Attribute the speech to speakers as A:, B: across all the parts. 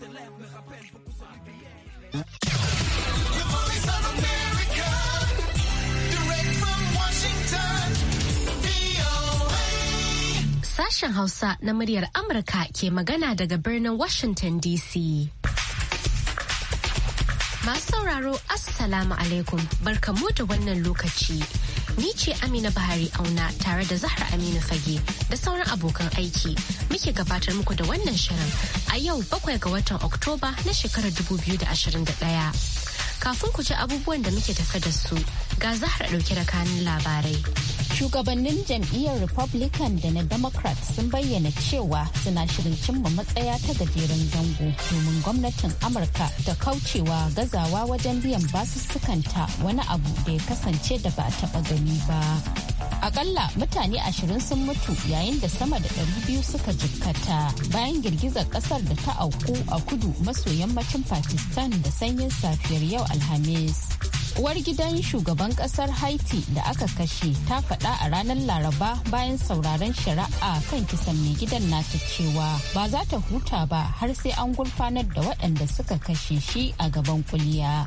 A: Sashen
B: Hausa na muryar Amurka ke magana daga birnin Washington DC. Masu sauraro, Assalamu alaikum, barkamu da wannan lokaci. Ni ce Amina Bahari Auna tare da Zahra Aminu Fage da sauran abokan aiki muke gabatar muku da wannan shirin a yau bakwai ga watan Oktoba na shekarar 2021. Kafin ku ci abubuwan da muke tafe
C: da su, ga zahra dauke da kanin labarai. Shugabannin jam'iyyar Republican da na Democrat sun bayyana cewa suna shirin cimma matsaya ta gajeren zango domin gwamnatin Amurka ta kaucewa gazawa wajen biyan basussukanta wani abu da ya kasance da ba a taɓa gani ba. Akalla mutane ashirin sun mutu yayin da sama da ɗari biyu suka jikkata bayan girgizar kasar da ta auku a kudu maso yammacin Pakistan da sanyin safiyar yau Alhamis. uwar gidan shugaban kasar haiti da aka kashe ta faɗa a ranar laraba bayan sauraron shari'a kan kisan mai gidan nata cewa ba za ta huta ba har sai an gurfanar da waɗanda suka kashe shi a gaban kuliya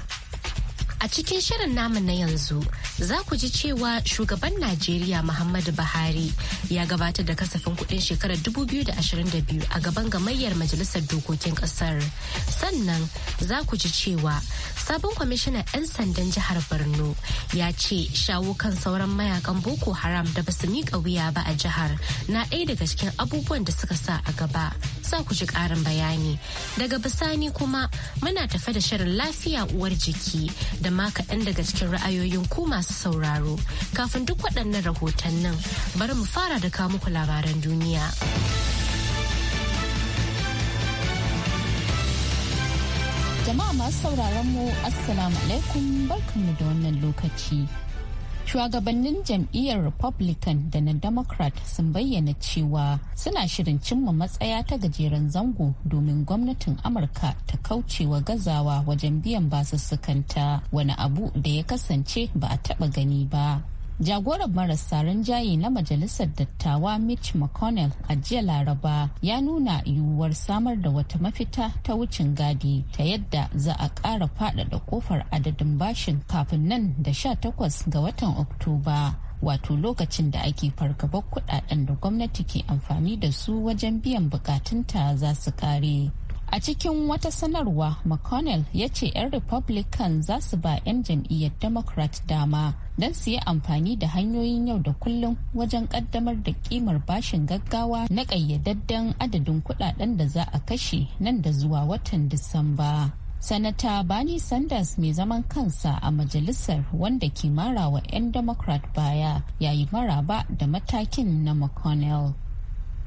C: A cikin shirin
B: namun na yanzu za ku ji cewa shugaban Najeriya Muhammadu Buhari ya gabatar da kasafin kudin shekarar 2022 a gaban gamayyar Majalisar Dokokin Kasar. Sannan za ku ji cewa sabon kwamishinan 'yan sandan jihar Borno ya ce shawo kan sauran mayakan Boko Haram da basu miƙa wuya ba a jihar na ɗaya daga cikin abubuwan da suka sa a gaba. za ku ji ƙarin bayani. Daga bisani kuma muna tafe da shirin lafiya uwar jiki da maka ɗan daga cikin ra'ayoyin ku masu sauraro. Kafin duk waɗannan rahotannin bari mu fara da kawo
C: muku labaran duniya. Jama'a masu sauraron mu Assalamu alaikum barkanmu da wannan lokaci. shugabannin jam'iyyar republican da na democrat sun bayyana cewa suna shirin cimma matsaya ta gajeren zango domin gwamnatin amurka ta kaucewa gazawa wajen biyan basussukanta wani abu da ya kasance ba a taba gani ba jagoran marasa rinjaye na majalisar dattawa mitch mcconnell a jiya laraba ya nuna yiwuwar samar da wata mafita ta wucin gadi ta yadda za a ƙara faɗaɗa kofar adadin bashin kafin nan da sha takwas ga watan oktoba wato lokacin da ake fargabar kudaden da gwamnati ke amfani da su wajen biyan bukatunta za su kare a cikin wata sanarwa mcconnell ya ce 'yan republican za su ba 'yan jam'iyyar democrat dama don su yi amfani da hanyoyin yau da kullum wajen kaddamar da kimar bashin gaggawa na ƙayyadadden adadin kudaden da za a kashe nan da zuwa watan disamba sanata bani sanders mai zaman kansa a majalisar wanda ke mara wa 'yan democrat baya yayi maraba da matakin na mcconnell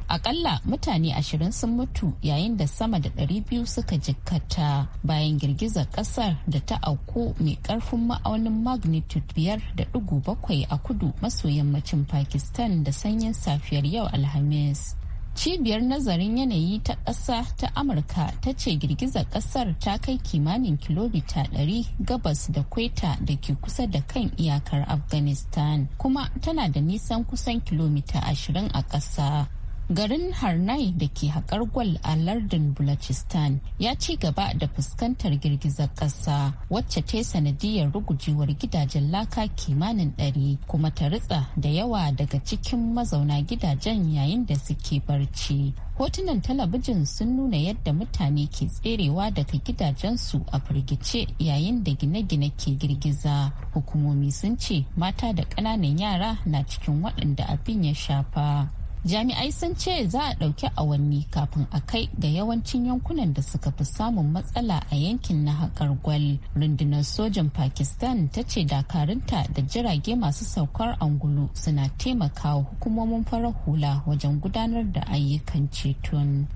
C: akalla mutane ashirin sun mutu yayin da sama da ɗari biyu suka jikkata bayan girgizar ƙasar da ta auku mai ƙarfin ma'aunin magnitude biyar da dugu bakwai a kudu maso yammacin pakistan da sanyin safiyar yau alhamis cibiyar nazarin yanayi ta ƙasa ta amurka ta ce girgizar ƙasar ta kai kimanin kilomita 100 gabas da kweta da ke kusa da kan iyakar afghanistan kuma tana da nisan kusan kilomita 20 a ƙasa garin harnai da ke haƙar gwal a lardin bulachistan ya ci gaba da fuskantar girgizar ƙasa wacce ta sanadiyar rugujewar gidajen laka kimanin ɗari kuma ta ritsa da yawa daga cikin mazauna gidajen yayin da suke barci hotunan talabijin sun nuna yadda mutane ke tserewa daga gidajensu a firgice yayin da gine-gine ke girgiza hukumomi sun ce mata da ƙananan yara na cikin waɗanda abin ya shafa jami'ai sun ce za a ɗauki awanni kafin a kai ga yawancin yankunan da suka fi samun matsala a yankin na haƙar gwal rundunar sojan pakistan ta ce dakarunta da jirage masu saukar angulu suna taimakawa hukumomin farar hula wajen gudanar da ayyukan ceton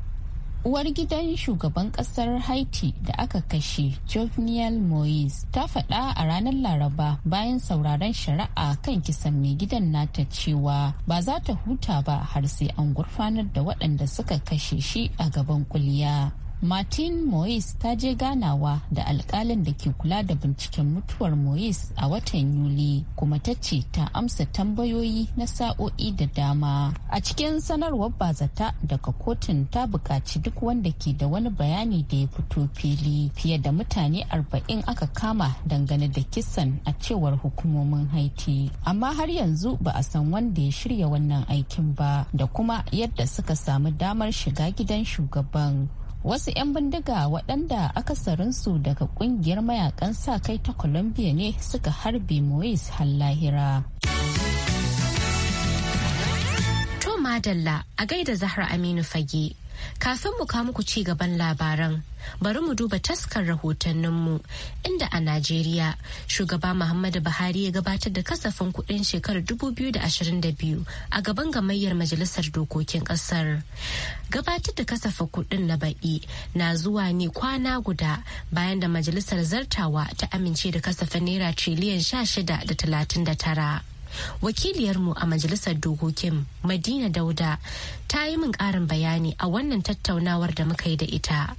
C: uwar gidan shugaban kasar haiti da aka kashe jovenel moise ta faɗa a ranar laraba bayan sauraron shari'a kan kisan mai gidan nata cewa ba za ta huta ba har sai an gurfanar da waɗanda suka kashe shi a gaban kuliya martin moise ta je ganawa da alkalin da ke kula da binciken mutuwar moise a watan yuli kuma ta ce ta amsa tambayoyi na sa'o'i da dama a cikin sanarwar bazata daga kotun ta buƙaci duk wanda ke da wani bayani da ya fito fili fiye da mutane arba'in aka kama dangane da kisan a cewar hukumomin haiti amma har yanzu ba a san wanda ya shirya wannan aikin ba da kuma yadda suka samu damar shiga gidan shugaban wasu 'yan bindiga waɗanda akasarin su daga ƙungiyar mayakan sa kai ta colombia ne suka harbe moise hallahira to
B: madalla a gaida zahra aminu fage Kafin mu kawo muku ci gaban labaran, bari mu duba taskar rahotanninmu inda a Najeriya shugaba Muhammadu Buhari ya gabatar da kasafin kuɗin shekarar 2022 a gaban gamayyar Majalisar Dokokin Ƙasar. Gabatar da kasafin kuɗin na baƙi na zuwa ne kwana guda bayan da Majalisar Zartawa ta amince da kasafin Naira triliyan 16 da 39. wakiliyarmu a majalisar dokokin madina dauda ta yi min karin bayani a wannan tattaunawar da muka yi da ita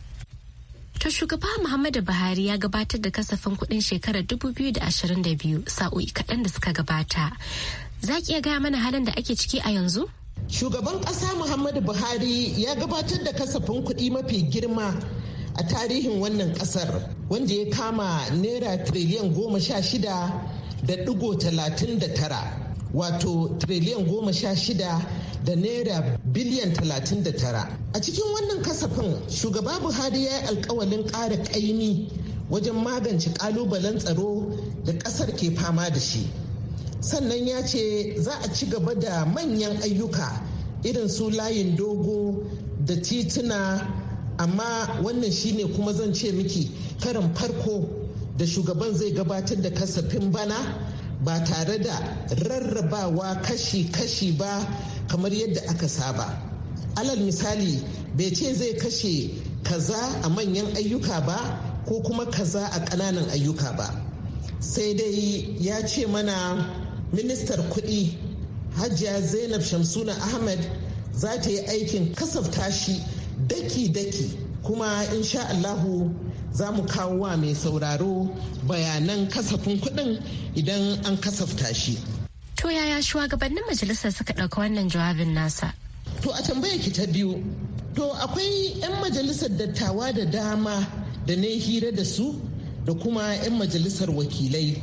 B: To shugaba Muhammadu Buhari ya gabatar da kasafin kudin shekarar 2022 sa'o'i kaɗan da suka gabata. Za ki iya gaya mana halin da ake ciki a yanzu?
A: Shugaban ƙasa Muhammadu Buhari ya gabatar da kasafin kuɗi mafi girma a tarihin wannan ƙasar wanda ya kama naira tiriliyan goma sha shida da ɗigo talatin da tara wato triliyan goma sha shida da naira biliyan talatin da tara a cikin wannan kasafin shugaba buhari ya yi alkawalin ƙara ƙaimi wajen magance ƙalubalen tsaro da ƙasar ke fama da shi sannan ya ce za a ci gaba da manyan ayyuka irin su layin dogo da tituna amma wannan shine kuma zan ce miki karin farko da shugaban zai gabatar da kasafin bana ba tare da rarrabawa kashi-kashi ba kamar yadda aka saba alal misali bai ce zai kashe kaza a manyan ayyuka ba ko kuma kaza a ƙananan ayyuka ba sai dai ya ce mana ministar kuɗi hajiya zainab shamsuna ahmed za ta yi aikin kasafta shi daki-daki kuma insha allahu za mu kawo wa mai sauraro bayanan kasafin kuɗin idan an kasafta shi. To yaya shugabannin majalisar suka ɗauka wannan jawabin nasa? To a tambaya ki ta biyu. To akwai 'yan majalisar dattawa da dama da na hira da su da kuma 'yan majalisar wakilai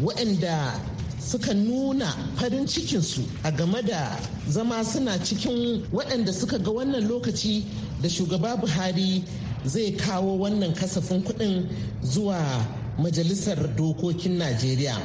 A: waɗanda suka nuna farin cikinsu a game da zama suna cikin waɗanda suka ga wannan lokaci da shugaba Buhari zai kawo wannan kasafin kuɗin zuwa majalisar dokokin najeriya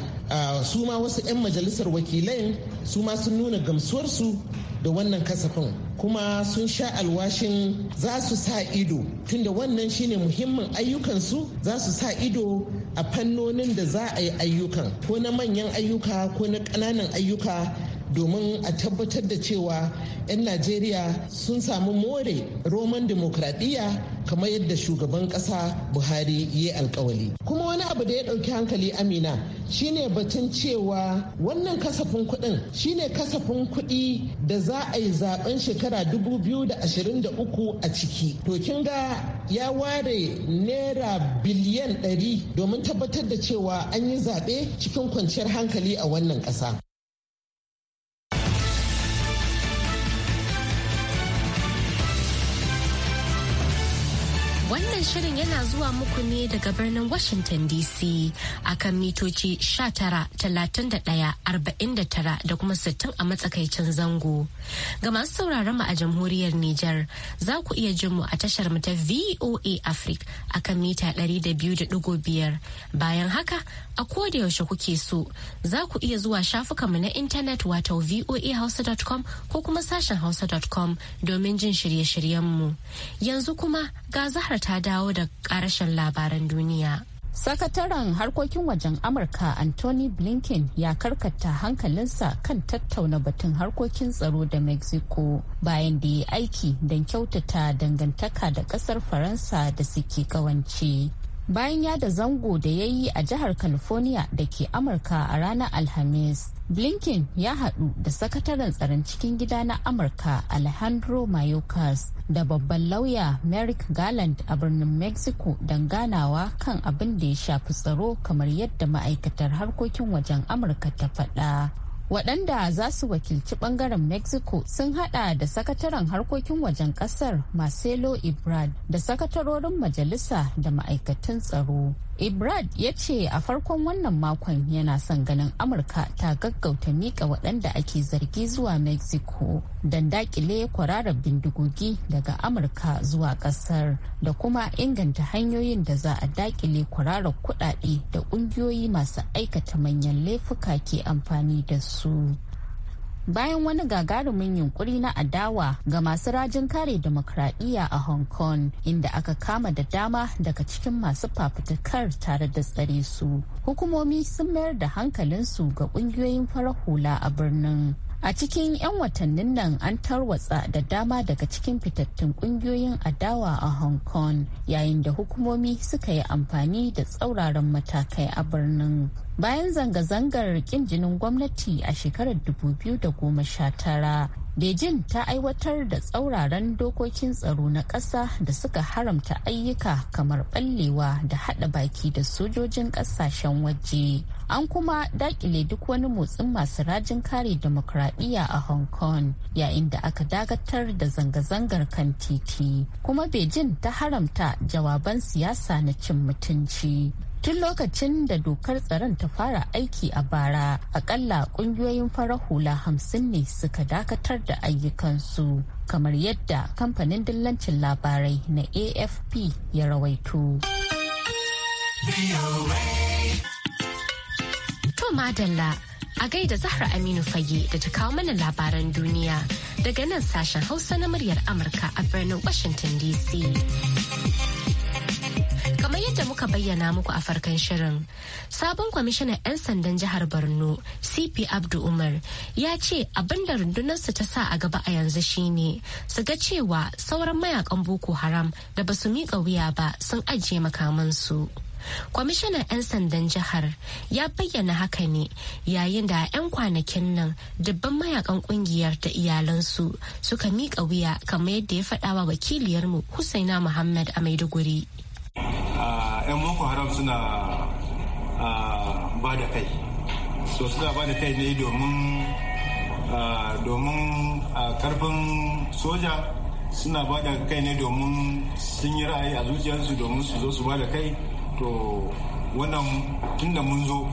A: su ma wasu 'yan majalisar wakilai su ma sun nuna gamsuwarsu da wannan kasafin kuma sun sha alwashin za su sa ido tunda wannan shine muhimmin ayyukansu za su sa ido a fannonin da za a yi ayyukan ko na manyan ayyuka ko na ƙananan ayyuka domin a tabbatar da cewa 'yan najeriya sun samu more roman demokradiyya kamar yadda shugaban kasa buhari ya alkawali kuma wani abu da ya ɗauki hankali amina shine batun cewa wannan kasafin kuɗin shine kasafin kuɗi da za a yi zaben shekara 2023 a ciki to kin ga ya ware naira biliyan 100 domin tabbatar da cewa an yi zaɓe cikin kwanciyar hankali a wannan ƙasa
C: Wannan shirin
B: yana zuwa muku ne daga birnin Washington DC akan mitoci 19,31,49 da kuma 60 a matsakaicin zango. Ga masu sauraron mu a jamhuriyar Nijar za ku iya jin mu a tashar mu ta VOA Africa akan mita 200.5. Bayan haka a koda yaushe kuke so za ku iya zuwa mu na intanet wato voahausa.com ko kuma sashen hausa.com domin jin shirye-shiryenmu. Yanzu kuma ga zahar ta dawo da ƙarashin labaran duniya.
C: Sakataren harkokin wajen Amurka Anthony Blinken ya karkata hankalinsa kan tattauna batun harkokin tsaro da Mexico bayan da ya aiki don kyautata dangantaka da kasar Faransa da suke kawance. bayan ya da zango da ya yi a jihar california da ke amurka a ranar alhamis blinken ya haɗu da sakataren tsaron cikin gida na amurka alejandro mayorkas da babban lauya merrick garland a birnin mexico don ganawa kan abin da ya shafi tsaro kamar yadda ma'aikatar harkokin wajen amurka ta faɗa waɗanda za su wakilci ɓangaren mexico sun haɗa da sakataren harkokin wajen ƙasar marcelo ibrad da sakatarorin majalisa da ma'aikatan tsaro Ibrad ya ce a farkon wannan makon yana son ganin Amurka ta gaggauta mika waɗanda ake zargi zuwa Mexico don daƙile kwararar bindigogi daga Amurka zuwa ƙasar da kuma inganta hanyoyin da za a daƙile kwararar kuɗaɗe da ƙungiyoyi masu aikata manyan laifuka ke amfani da su. bayan wani gagarumin yunkuri na adawa ga masu rajin kare demokradiyya a hong kong inda aka kama da dama daga cikin masu fafutukar tare da tsare su hukumomi sun mayar da hankalinsu ga kungiyoyin farar hula a birnin a cikin 'yan watannin nan an tarwatsa da dama daga cikin fitattun kungiyoyin adawa a hong kong yayin da hukumomi suka yi amfani da tsauraran matakai a birnin bayan zanga-zangar kin jinin gwamnati a shekarar 2019 Beijing ta aiwatar da tsauraran dokokin tsaro na ƙasa da suka haramta ayyuka kamar ɓallewa da haɗa baki da sojojin ƙasashen waje. An kuma daƙile duk wani motsin masu rajin kare demokradiyya a Hong Kong yayin da aka dagatar da zanga-zangar kan titi. Kuma Beijing ta haramta jawaban siyasa na cin mutunci. tun lokacin da dokar tsaron ta fara aiki a bara akalla kungiyoyin farar hula hamsin ne suka dakatar da ayyukansu kamar yadda kamfanin dillancin labarai na afp ya rawaito to
B: madalla a gaida zahra aminu fage da ta kawo mana labaran duniya daga nan sashen hausa na muryar amurka a birnin washington dc yadda muka bayyana muku a farkon shirin sabon kwamishinan 'yan sandan jihar borno cp abdu umar ya ce abin da rundunarsa ta sa a gaba a yanzu shine su ga cewa sauran mayakan boko haram da ba su miƙa wuya ba sun ajiye makamansu kwamishinan 'yan sandan jihar ya bayyana haka ne yayin da 'yan kwanakin nan dubban mayakan kungiyar da iyalansu suka miƙa wuya kamar yadda ya faɗawa wakiliyarmu husaina muhammad a maiduguri
D: 'yan boko haram suna ba da kai so suna ba da kai ne domin domin karfin soja suna ba da kai ne domin sun yi ra'ayi a zuciyarsu domin su zo su ba da kai to wannan tun da mun zo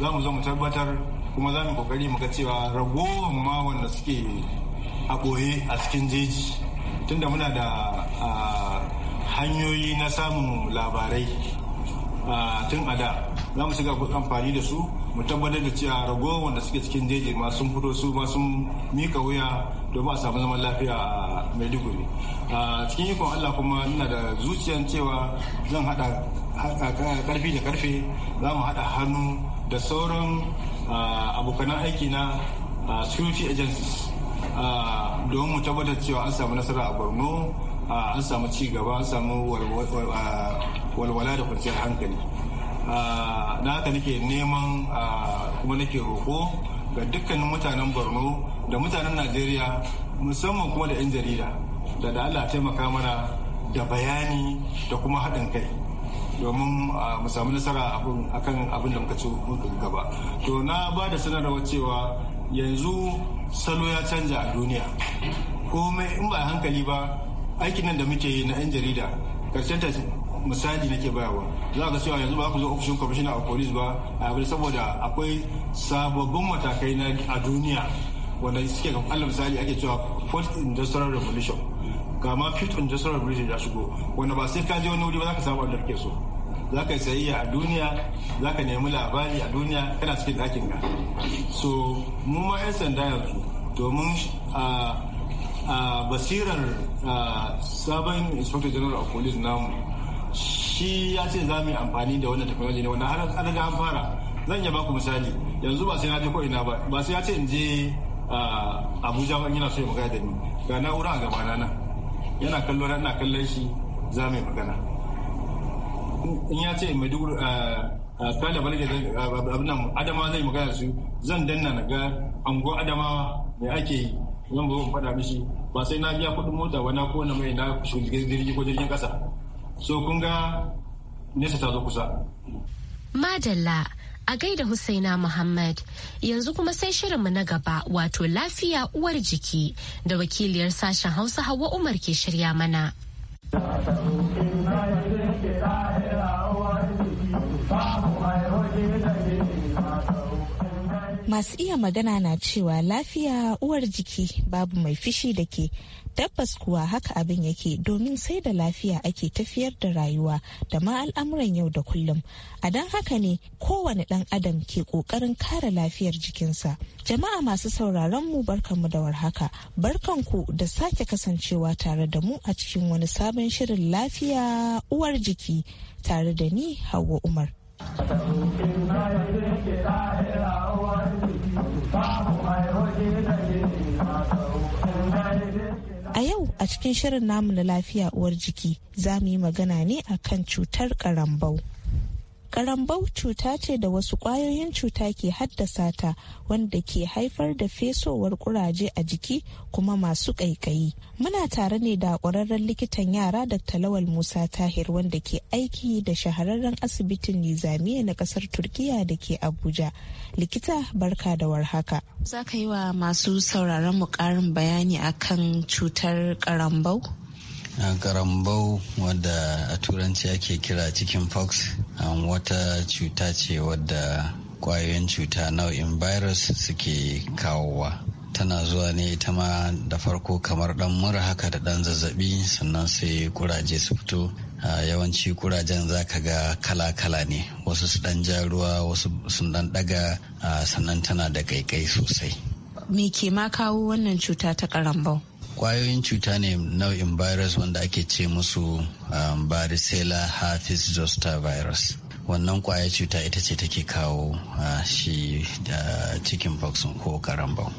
D: za mu zo mu tabbatar kuma za mu kokari mu ga cewa ragowar ma wanda suke a ɓoye a cikin jeji da muna da hanyoyi na samun labarai tun a da za mu shiga amfani da su mu tabbatar da cewa ragowar da suke cikin jeji ma sun fito su ma sun mika wuya domin a samu zaman lafiya a maiduguri a cikin ikon allah kuma ina da zuciyan cewa zan hada karfi da karfe za mu hada hannu da sauran abokan aiki na security agencies domin mu tabbatar cewa an samu nasara a borno an samu ci gaba an samu walwala da kwanciyar hankali na haka nake neman kuma nake roƙo ga dukkanin mutanen borno da mutanen najeriya musamman kuma da 'yan jarida da da allah taimaka mana da bayani da kuma haɗin kai domin mu samu nasara akan abin da muka ci gaba to na ba da sanarwa cewa yanzu salo ya canja a duniya komai in ba hankali ba aikin nan da muke yi na 'yan jarida karshen ta misali ke bayarwa za ga cewa yanzu ba ku zo ofishin kwamishina a police ba a yabi saboda akwai sababbin matakai na a duniya wanda suke ga misali ake cewa fourth industrial revolution ga ma fifth industrial revolution ya shigo wanda ba sai ka je wani wuri ba za ka samu wanda kake so za ka yi a duniya za ka nemi labari a duniya kana cikin ɗakin ka so mu ma 'yan sanda yanzu domin a ah, basirar sabon inspector general of police namu shi ya ce za mu yi amfani da wannan technology ne wannan har an an fara zan iya baku misali yanzu ba sai na je ko ina ba ba sai ya ce in je abuja ba yana so ya magana da ni ga na'ura a gabana na yana kallo na ina kallon shi za mu yi magana in ya ce in mai duk kada balage abin adama zai magana su zan danna na ga ango Adama mai ake yi zan ba mun faɗa mishi ba sai na biya kuɗin mota ko na mai na jirgi ko jirgin ƙasa so kun ga nesa ta zo kusa.
B: madalla a gaida Husaina Muhammad. Yanzu kuma sai shirinmu na gaba wato lafiya uwar jiki da wakiliyar sashen Hausa Hauwa Umar ke shirya mana.
E: masu iya magana na cewa lafiya uwar jiki babu mai fishi da ke tabbas kuwa haka abin yake domin sai da lafiya ake tafiyar da rayuwa da ma al'amuran yau da kullum a don haka ne kowane ɗan adam ke ƙoƙarin kare lafiyar jikinsa jama'a masu sauraron mu barkanmu da warhaka barkanku da sake kasancewa tare da mu a cikin wani sabon shirin lafiya uwar jiki tare da ni hawa umar A yau a cikin shirin namu na lafiya uwar jiki za mu yi magana ne akan cutar ƙarambau. Karambau cuta ce da wasu ƙwayoyin cuta ke haddasa ta wanda ke haifar da fesowar kuraje a jiki kuma masu ƙaiƙayi. Muna tare ne da ƙwararren likitan yara da talawal Musa Tahir wanda ke aiki da shahararren asibitin Nizamiya na ƙasar Turkiya da ke Abuja. Likita barka da warhaka. Za ka yi wa masu sauraron mu ƙarin bayani akan cutar karambau?
F: karambau wadda a turanci ake kira cikin fox um, wata cuta ce wadda kwayoyin cuta nau'in virus suke kawowa tana zuwa ne ita ma da farko kamar dan mura haka da dan zazzabi sannan sai kuraje su fito yawanci kurajen za ka ga kala-kala ne wasu su dan ja ruwa wasu sun dan daga sannan tana da kaikai sosai
E: me ke ma kawo wannan cuta ta karambau
F: kwayoyin cuta ne nau'in virus wanda ake ce musu um, varicella herpes zoster virus wannan kwaya cuta ita ce take kawo uh, shi da chicken pox ko karambau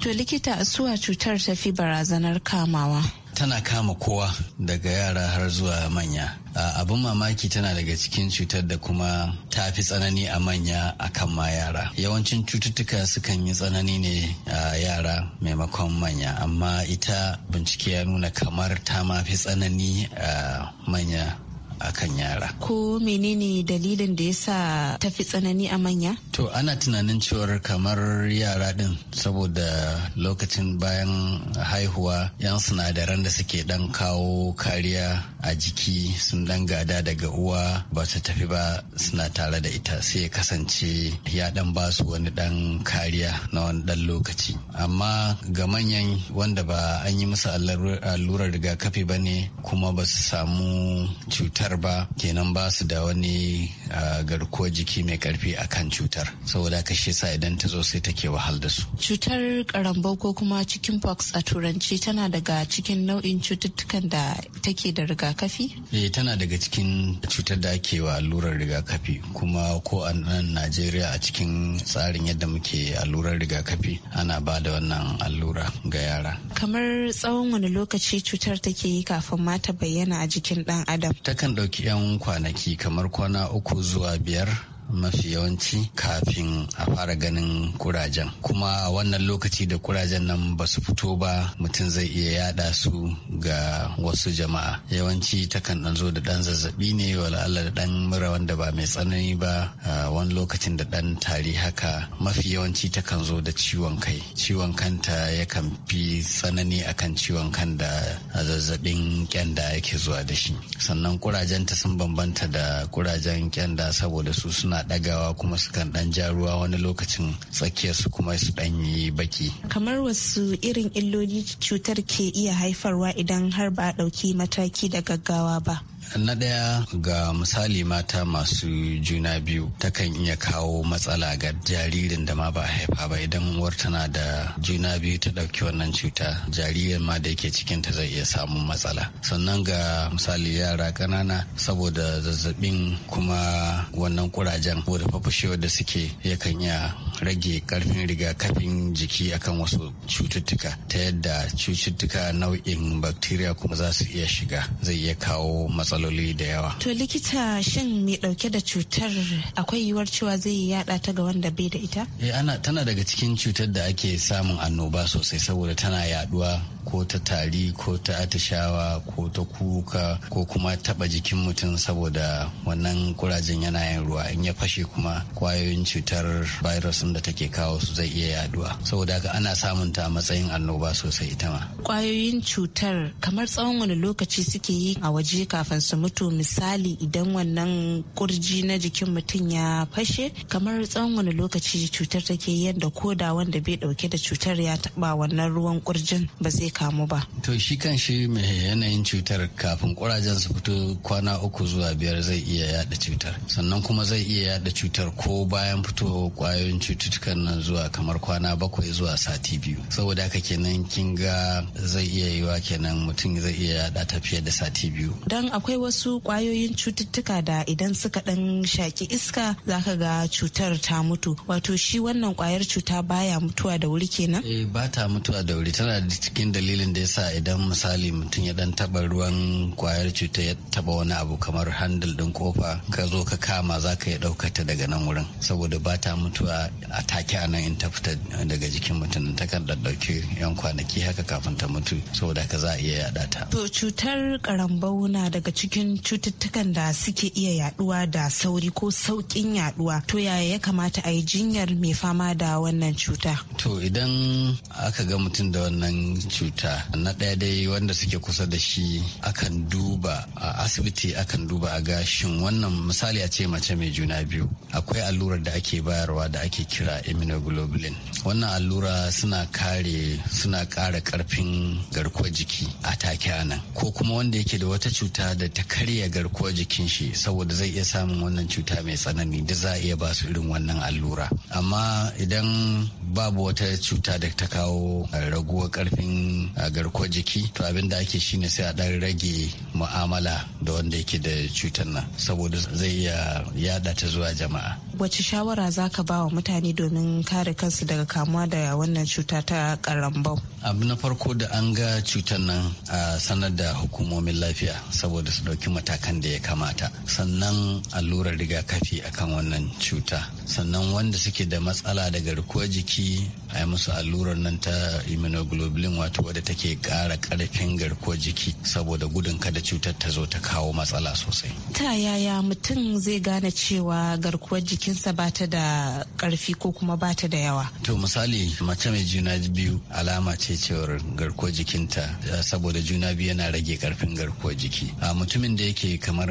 E: to likita suwa cutar tafi barazanar kamawa
F: tana kama kowa daga yara har zuwa manya abin mamaki tana daga cikin cutar da kuma ta fi tsanani a manya akan ma yara yawancin cututtuka sukan yi tsanani ne a yara maimakon manya amma ita bincike ya nuna kamar ta ma fi tsanani a manya akan yara.
E: Ko menene dalilin da ya sa tafi tsanani a manya?
F: To ana tunanin cewar kamar yara din saboda lokacin bayan haihuwa yan sinadaran da suke dan kawo kariya a jiki sun dan gada daga uwa ba su tafi ba suna tare da ita sai kasance ya dan ba su wani dan kariya na wani dan lokaci. Amma ga manyan wanda ba an yi musu allurar rigakafi ba ne kuma ba su samu cutar ba kenan ba su da wani ah, garkuwa jiki mai karfi kan cutar saboda ka shi sa idan ta zo sai take wahal da su
E: cutar karambau ko kuma chicken pox a turanci tana daga cikin nau'in cututtukan da take da rigakafi
F: eh tana daga cikin cutar da ake wa allurar rigakafi kuma ko a nan Najeriya a cikin tsarin yadda muke allurar rigakafi ana ba da wannan allura ga yara
E: kamar tsawon wani lokaci cutar take yi kafin ma ta bayyana a jikin dan adam
F: takan ɗauki 'yan kwanaki kamar kwana uku zuwa biyar mafi yawanci kafin a fara ganin kurajen kuma a wannan lokaci da kurajen nan ba su fito ba mutum zai iya yada su ga wasu jama'a yawanci takan dan zo da ɗan zazzabi ne wala Allah da dan mura wanda ba mai tsanani ba wani lokacin da ɗan tari haka mafi yawanci takan zo da ciwon kai ciwon kanta yakan fi tsanani akan ciwon kan da zazzabin kyanda yake zuwa da shi sannan kurajenta sun bambanta da kurajen kyanda saboda su suna suna ɗagawa kuma sukan ɗan ja ruwa wani lokacin tsakiyarsu kuma su ɗan yi baki.
E: Kamar wasu irin illoli cutar ke iya haifarwa idan har ba a ɗauki mataki da gaggawa ba.
F: na ɗaya ga misali mata masu juna biyu takan iya kawo matsala ga jaririn da ma ba a haifa ba idan uwar tana da juna biyu ta ɗauki wannan cuta jaririn ma da yake ta zai iya samun matsala sannan ga misali yara ƙanana saboda zazzabin kuma wannan kurajen ko da fafashewar da suke yakan iya rage ƙarfin rigakafin jiki akan wasu cututtuka ta yadda cututtuka nau'in bakteriya kuma za su iya shiga zai iya kawo matsala matsaloli da yawa.
E: To likita shin mai dauke da cutar akwai yiwuwar cewa zai yi yada ta ga wanda bai da ita?
F: Eh ana tana daga cikin cutar da ake samun annoba sosai saboda tana yaduwa ko ta tari ko ta atishawa ko ta kuka ko kuma taba jikin mutum saboda wannan kurajen yana yin ruwa in ya fashe kuma kwayoyin cutar virus da take kawo su zai iya yaduwa saboda haka ana samun ta matsayin annoba sosai ita ma.
E: Kwayoyin cutar kamar tsawon wani lokaci suke yi a waje kafin su mutu misali idan wannan kurji na jikin mutum ya fashe kamar tsawon wani lokaci cutar take yadda ko da wanda bai dauke da cutar ya taba wannan ruwan kurjin ba zai kamu ba
F: to shi kan shi mai yanayin cutar kafin kurajen su fito kwana uku zuwa biyar zai iya yada cutar sannan kuma zai iya yada cutar ko bayan fito kwayoyin cututtukan nan zuwa kamar kwana bakwai zuwa sati biyu saboda haka kenan kinga ga zai iya yiwa kenan mutum zai iya yada ta fiye da sati biyu
E: dan akwai wasu kwayoyin cututtuka da idan suka dan shaki iska zaka ga cutar ta mutu wato shi wannan kwayar cuta baya mutuwa da wuri kenan
F: eh ba ta mutuwa da wuri tana da cikin dalilin da yasa idan misali mutum ya dan taba ruwan kwayar cuta ya taba wani abu kamar handle din kofa ka zo ka kama zaka ya dauka ta daga nan wurin saboda ba ta mutuwa a take a nan in ta fita daga jikin mutum ta kan daddauke yan kwanaki haka kafin ta mutu saboda ka za a iya yada ta
E: to cutar karambau na daga cikin cikin cututtukan da suke iya yaduwa da sauri ko saukin yaduwa to yaya ya kamata a yi jinyar mai fama da wannan cuta
F: to idan aka ga mutum da wannan cuta na ɗaya dai wanda suke kusa da shi akan duba a asibiti akan duba a gashin wannan misali a ce mace mai juna biyu akwai allurar da ake bayarwa da ake kira immunoglobulin wannan allura suna kare suna ƙara karfin garkuwar jiki a take nan ko kuma wanda yake da wata cuta da ta karya garkuwar jikin shi saboda zai iya samun wannan cuta mai tsanani da za a iya ba su irin wannan allura amma idan babu wata cuta da ta kawo raguwar karfin ah, garkuwar jiki to abin da ake shine sai a dan rage mu'amala da wanda yake da cutar nan saboda zai iya yada ta zuwa jama'a
E: wace shawara za ka ba wa mutane domin kare kansu daga kamuwa da wannan cuta ta karambau
F: abu na farko da an ga cutar nan a sanar da hukumomin lafiya saboda su ɗauki matakan da ya kamata sannan allurar rigakafi akan wannan cuta sannan wanda suke da matsala da garkuwar jiki asibiti a yi musu allurar nan ta immunoglobulin wato wadda take kara karfin garkuwar jiki saboda gudun kada cutar ta zo ta kawo matsala sosai.
E: Ta yaya mutum zai gane cewa garkuwar jikinsa ba ta da ƙarfi ko kuma ba ta da yawa?
F: To misali mace mai juna biyu alama ce cewar garkuwar jikinta eh, saboda juna biyu yana rage karfin garkuwar jiki. A mutumin da yake kamar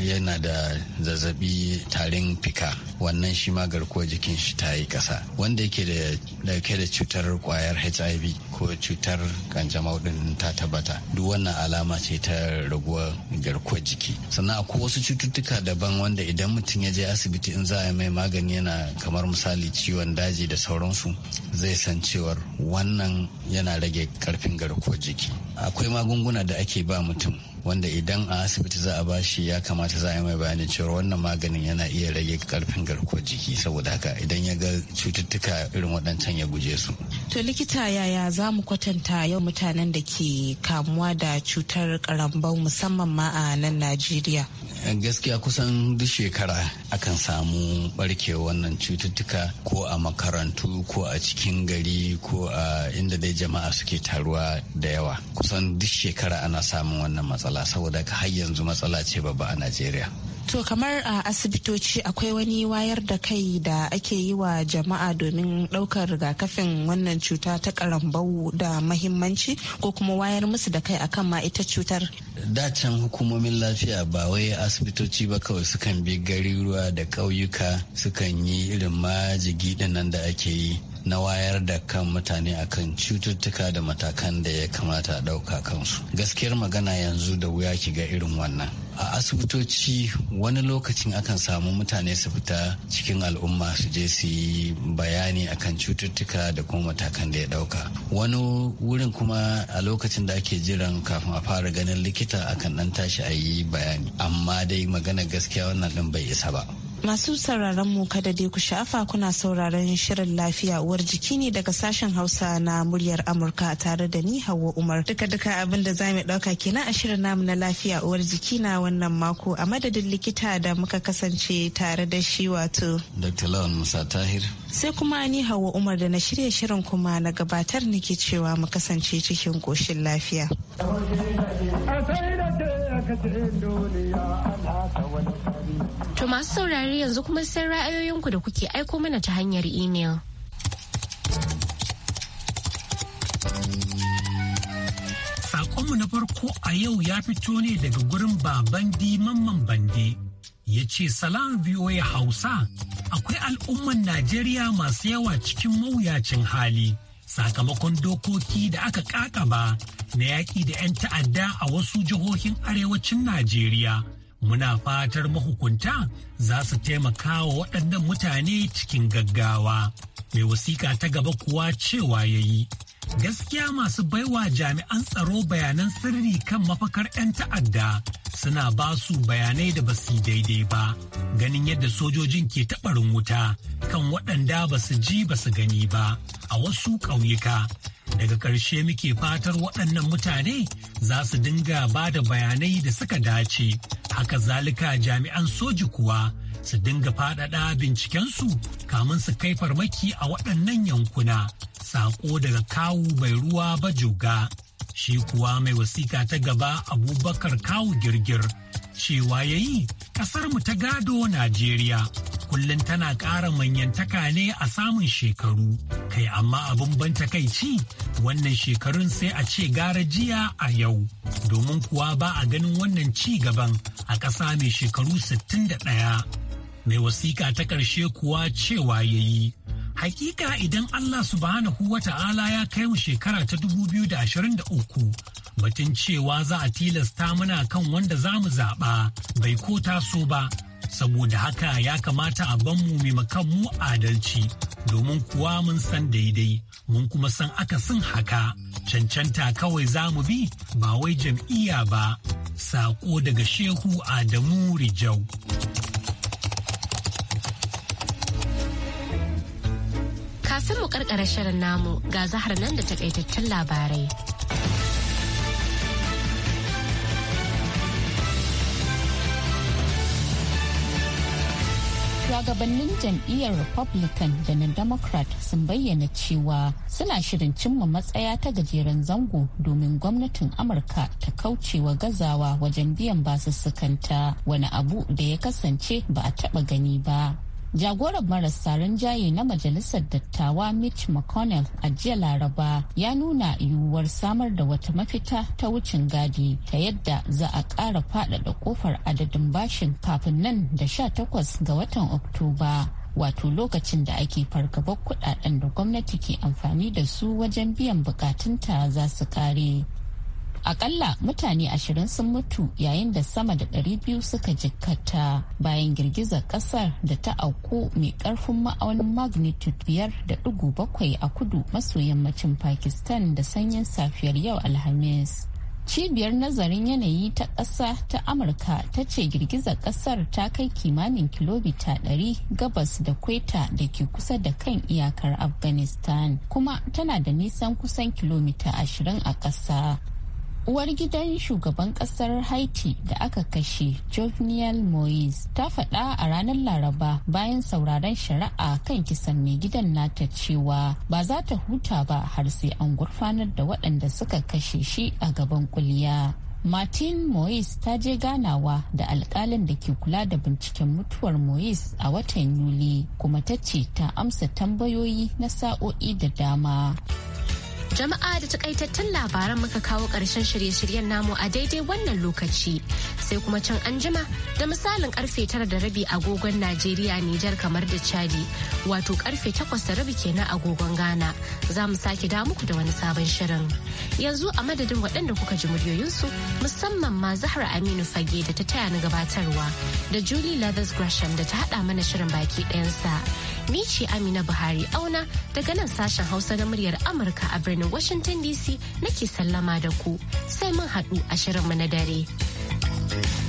F: yana da zazzabi tarin fika wannan shi ma garkuwar jikin shi ta yi ƙasa. Wanda yake da da dauke da cutar kwayar hiv ko cutar kanjamau din ta tabbata duk wannan alama ce ta raguwa garkuwar jiki sannan akwai wasu cututtuka daban wanda idan mutum ya je asibiti in za a mai magani yana kamar misali ciwon daji da sauransu zai san cewar wannan yana rage karfin garkuwar jiki akwai magunguna da ake ba mutum wanda idan a asibiti za a bashi ya kamata za a yi mai bayanin cewa wannan maganin yana iya rage karfin garkuwar jiki saboda haka idan ya ga cututtuka irin waɗancan ya guje su.
E: To likita yaya za mu kwatanta yau mutanen da ke kamuwa da cutar karambau musamman ma a nan Najeriya?
F: gaskiya kusan duk shekara akan samu barke wannan cututtuka ko a makarantu ko a cikin gari ko a inda dai jama'a suke taruwa da yawa kusan duk shekara ana samun wannan matsala saboda har yanzu matsala ce babba a najeriya
E: To kamar a asibitoci akwai wani wayar da kai da ake yi wa jama'a domin ɗaukar rigakafin wannan cuta ta karambau da mahimmanci ko kuma wayar musu da kai akan ma ita cutar.
F: Dacen hukumomin lafiya ba wai asibitoci ba kawai sukan bi garuruwa da ƙauyuka sukan yi irin majigi nan da ake yi na wayar da kan mutane akan cututtuka da matakan da ya kamata a ɗauka kansu gaskiyar magana yanzu da wuya ki ga irin wannan a asibitoci wani lokacin akan samu mutane su fita cikin al'umma su je su yi bayani akan cututtuka da kuma matakan da ya ɗauka wani wurin kuma a lokacin da ake jiran kafin a fara ganin likita akan ɗan tashi a yi bayani amma dai magana gaskiya wannan din bai isa ba
E: Masu sauraron mu kada dai ku shafa kuna sauraron shirin lafiya uwar jiki ne daga sashen Hausa na muryar Amurka tare da ni Hauwa Umar. Duka duka abin da za mu dauka kenan a shirin namu na lafiya uwar jiki na wannan mako a madadin likita da muka kasance tare da shi wato.
F: Dr. Lawan Musa Tahir.
E: Sai kuma ni Hauwa Umar da na shirya shirin kuma na gabatar nake cewa mu kasance cikin koshin lafiya.
G: To
B: masu saurari yanzu kuma sai ra'ayoyinku da kuke aiko mana ta hanyar imel.
G: Sakonmu na farko a yau ya fito ne daga gurin baban mamman bande. Ya ce salam ya Hausa akwai al'umman Najeriya masu yawa cikin mawuyacin hali. sakamakon dokoki da aka ba na yaƙi da 'yan ta'adda a wasu jihohin arewacin Najeriya. Muna fatar mahukunta za su taimaka wa waɗannan mutane cikin gaggawa. Mai wasiƙa ta gaba kuwa cewa ya yi. Gaskiya masu baiwa jami'an tsaro bayanan sirri kan mafakar 'yan ta'adda suna ba su bayanai da basu daidai ba ganin yadda sojojin ke taɓarin wuta kan waɗanda ba su ji ba su gani ba a wasu ƙauyuka daga ƙarshe muke fatar waɗannan mutane za su dinga ba da bayanai da suka dace haka zalika jami'an soji kuwa su dinga faɗaɗa bincikensu kamun su kai farmaki a waɗannan yankuna Sako daga kawu bai ruwa joga. Shi kuwa mai wasiƙa ta gaba Abubakar Kawu Girgir cewa ya yi ƙasarmu ta gado Najeriya kullum tana ƙara manyantaka ne a samun shekaru. Kai amma abin ban takaici wannan shekarun sai a ce gara jiya a yau. Domin kuwa ba a ganin wannan ci gaban a ƙasa mai shekaru 61. Mai wasiƙa ta ƙarshe kuwa cewa ya yi. Hakika idan Allah subhanahu wa ta'ala ya kai mu shekara ta dubu da da ashirin uku, batun cewa za a tilasta muna kan wanda za mu zaɓa bai ko taso ba. Saboda haka ya kamata a mu maimakon mu adalci domin kuwa mun san daidai mun kuma san aka akasin haka cancanta kawai za mu bi ba wai jam'iyya ba. Saƙo daga Shehu Adamu Rijau.
B: Kafin mu karkara shirin namu ga zahar nan da takaitattun labarai.
C: shugabannin jam'iyyar republican da na democrat sun bayyana cewa suna shirin cimma matsaya ta gajeren zango domin gwamnatin amurka ta kaucewa gazawa wajen biyan basussukanta wani abu da ya kasance ba a taba gani ba jagoran marasa rinjaye na majalisar dattawa mitch mcconnell a jiya laraba ya nuna yiwuwar samar da wata mafita ta wucin gadi ta yadda za a ƙara faɗaɗa kofar adadin bashin kafin nan da sha takwas ga watan oktoba wato lokacin da ake fargabar kudaden da gwamnati ke amfani da su wajen biyan bukatunta za su kare akalla mutane ashirin sun mutu yayin da sama da ɗari biyu suka jikkata bayan girgizar ƙasar da ta auku mai ƙarfin ma'aunin magnitude biyar da ɗigo bakwai a kudu maso yammacin pakistan da sanyin safiyar yau alhamis cibiyar nazarin yanayi ta ƙasa ta amurka ta ce girgizar ƙasar ta kai kimanin kilomita 100 gabas da kweta da ke kusa da kan iyakar afghanistan kuma tana da nisan kusan kilomita 20 a ƙasa uwar gidan shugaban kasar haiti da aka kashe jovenel moise ta faɗa a ranar laraba bayan sauraron shari'a kan kisan mai gidan nata cewa ba za ta huta ba har sai an gurfanar da waɗanda suka kashe shi a gaban kuliya martin moise ta je ganawa da alkalin da ke kula da binciken mutuwar moise a watan yuli kuma ta ce ta amsa tambayoyi na sa'o'i da dama Jama'a da takaitattun labaran muka kawo ƙarshen
B: shirye-shiryen namu a daidai wannan lokaci sai kuma can anjima da misalin karfe tara da rabi agogon Najeriya Nijar kamar da Chadi wato karfe takwas da rabi kenan agogon Ghana za mu sake da muku da wani sabon shirin. Yanzu a madadin waɗanda kuka ji muryoyinsu musamman ma Zahra Aminu Fage da ta taya ni gabatarwa da Julie Leathers Gresham da ta haɗa mana shirin baki ɗayansa. ni ce Amina Buhari auna daga nan sashen Hausa na muryar Amurka a birnin Washington DC nake sallama da ku sai mun haɗu a shirinmu na dare.